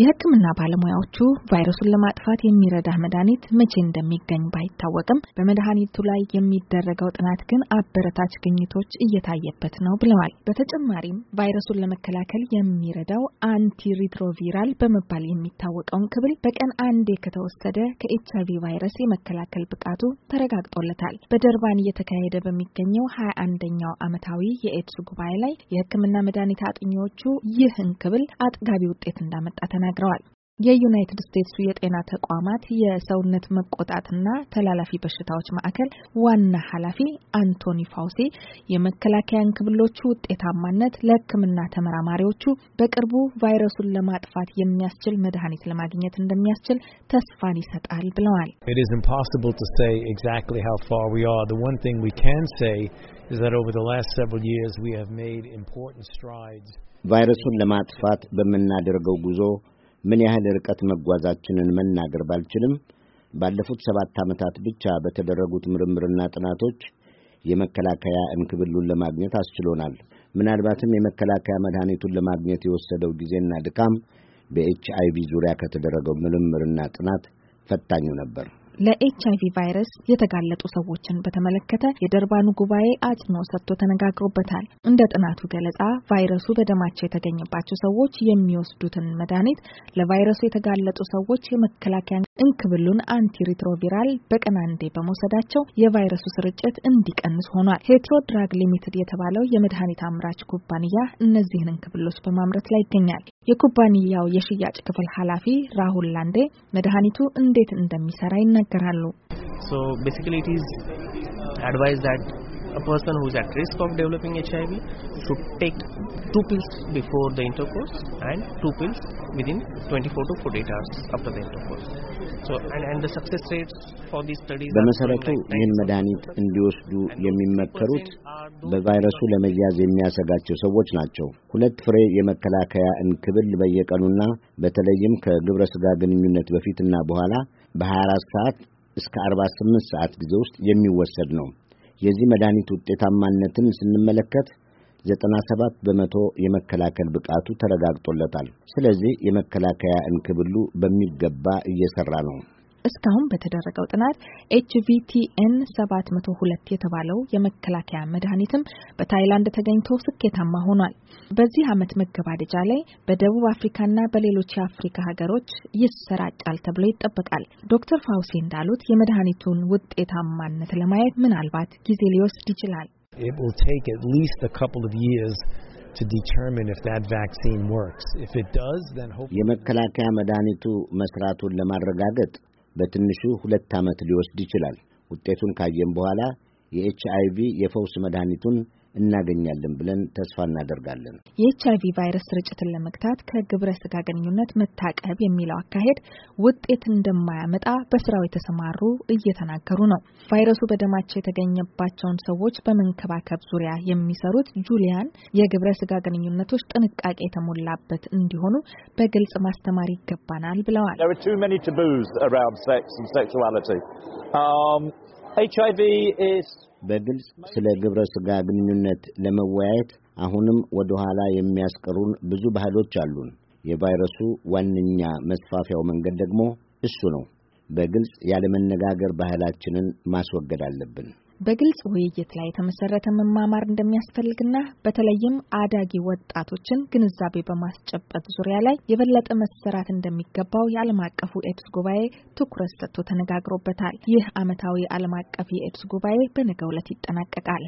የሕክምና ባለሙያዎቹ ቫይረሱን ለማጥፋት የሚረዳ መድኃኒት መቼ እንደሚገኝ ባይታወቅም በመድኃኒቱ ላይ የሚደረገው ጥናት ግን አበረታች ግኝቶች እየታየበት ነው ብለዋል። በተጨማሪም ቫይረሱን ለመከላከል የሚረዳው አንቲሪትሮቪራል በመባል የሚታወቀውን ክብል በቀን አንዴ ከተወሰደ ከኤች አይቪ ቫይረስ የመከላከል ብቃቱ ተረጋግጦለታል። በደርባን እየተካሄደ በሚገኘው ሀያ አንደኛው ዓመታዊ የኤድስ ጉባኤ ላይ የሕክምና መድኃኒት አጥኚዎቹ ይህን ክብል አጥጋቢ ውጤት እንዳመጣ ተናል ተናግረዋል። የዩናይትድ ስቴትሱ የጤና ተቋማት የሰውነት መቆጣትና ተላላፊ በሽታዎች ማዕከል ዋና ኃላፊ አንቶኒ ፋውሲ የመከላከያ እንክብሎቹ ውጤታማነት ለሕክምና ተመራማሪዎቹ በቅርቡ ቫይረሱን ለማጥፋት የሚያስችል መድኃኒት ለማግኘት እንደሚያስችል ተስፋን ይሰጣል ብለዋል። ቫይረሱን ለማጥፋት በምናደርገው ጉዞ ምን ያህል ርቀት መጓዛችንን መናገር ባልችልም ባለፉት ሰባት ዓመታት ብቻ በተደረጉት ምርምርና ጥናቶች የመከላከያ እንክብሉን ለማግኘት አስችሎናል። ምናልባትም የመከላከያ መድኃኒቱን ለማግኘት የወሰደው ጊዜና ድካም በኤች ዙሪያ ከተደረገው ምርምርና ጥናት ፈታኙ ነበር። ለኤችአይቪ ቫይረስ የተጋለጡ ሰዎችን በተመለከተ የደርባኑ ጉባኤ አጽንኦት ሰጥቶ ተነጋግሮበታል። እንደ ጥናቱ ገለጻ ቫይረሱ በደማቸው የተገኘባቸው ሰዎች የሚወስዱትን መድኃኒት ለቫይረሱ የተጋለጡ ሰዎች የመከላከያ እንክብሉን አንቲሪትሮቪራል በቀን አንዴ በመውሰዳቸው የቫይረሱ ስርጭት እንዲቀንስ ሆኗል። ሄትሮ ድራግ ሊሚትድ የተባለው የመድኃኒት አምራች ኩባንያ እነዚህን እንክብሎች በማምረት ላይ ይገኛል። የኩባንያው የሽያጭ ክፍል ኃላፊ ራሁል ላንዴ መድኃኒቱ እንዴት እንደሚሰራ ይናገራሉ። So that a person who is at risk of developing HIV should take two pills before the intercourse and two pills within 24 to 48 hours after the intercourse. So, and, and the success rates for these studies በመሰረቱ ይህን መድኃኒት እንዲወስዱ የሚመከሩት በቫይረሱ ለመያዝ የሚያሰጋቸው ሰዎች ናቸው። ሁለት ፍሬ የመከላከያ እንክብል በየቀኑና በተለይም ከግብረ ሥጋ ግንኙነት በፊትና በኋላ በ24 ሰዓት እስከ 48 ሰዓት ጊዜ ውስጥ የሚወሰድ ነው። የዚህ መድኃኒት ውጤታማነትን ስንመለከት 97 በመቶ የመከላከል ብቃቱ ተረጋግጦለታል። ስለዚህ የመከላከያ እንክብሉ በሚገባ እየሰራ ነው። እስካሁን በተደረገው ጥናት ኤችቪቲኤን 702 የተባለው የመከላከያ መድኃኒትም በታይላንድ ተገኝቶ ስኬታማ ሆኗል። በዚህ ዓመት መገባደጃ ላይ በደቡብ አፍሪካና በሌሎች የአፍሪካ ሀገሮች ይሰራጫል ተብሎ ይጠበቃል። ዶክተር ፋውሲ እንዳሉት የመድኃኒቱን ውጤታማነት ለማየት ምናልባት ጊዜ ሊወስድ ይችላል። የመከላከያ መድኃኒቱ መስራቱን ለማረጋገጥ በትንሹ ሁለት ዓመት ሊወስድ ይችላል። ውጤቱን ካየም በኋላ የኤች አይ ቪ የፈውስ መድኃኒቱን እናገኛለን ብለን ተስፋ እናደርጋለን። የኤች አይቪ ቫይረስ ስርጭትን ለመግታት ከግብረ ስጋ ግንኙነት መታቀብ የሚለው አካሄድ ውጤት እንደማያመጣ በስራው የተሰማሩ እየተናገሩ ነው። ቫይረሱ በደማቸው የተገኘባቸውን ሰዎች በመንከባከብ ዙሪያ የሚሰሩት ጁሊያን የግብረ ስጋ ግንኙነቶች ጥንቃቄ የተሞላበት እንዲሆኑ በግልጽ ማስተማር ይገባናል ብለዋል። በግልጽ ስለ ግብረ ሥጋ ግንኙነት ለመወያየት አሁንም ወደ ኋላ የሚያስቀሩን ብዙ ባህሎች አሉን። የቫይረሱ ዋነኛ መስፋፊያው መንገድ ደግሞ እሱ ነው። በግልጽ ያለመነጋገር ባህላችንን ማስወገድ አለብን። በግልጽ ውይይት ላይ የተመሰረተ መማማር እንደሚያስፈልግና በተለይም አዳጊ ወጣቶችን ግንዛቤ በማስጨበጥ ዙሪያ ላይ የበለጠ መሰራት እንደሚገባው የዓለም አቀፉ ኤድስ ጉባኤ ትኩረት ሰጥቶ ተነጋግሮበታል። ይህ ዓመታዊ ዓለም አቀፍ የኤድስ ጉባኤ በነገው ዕለት ይጠናቀቃል።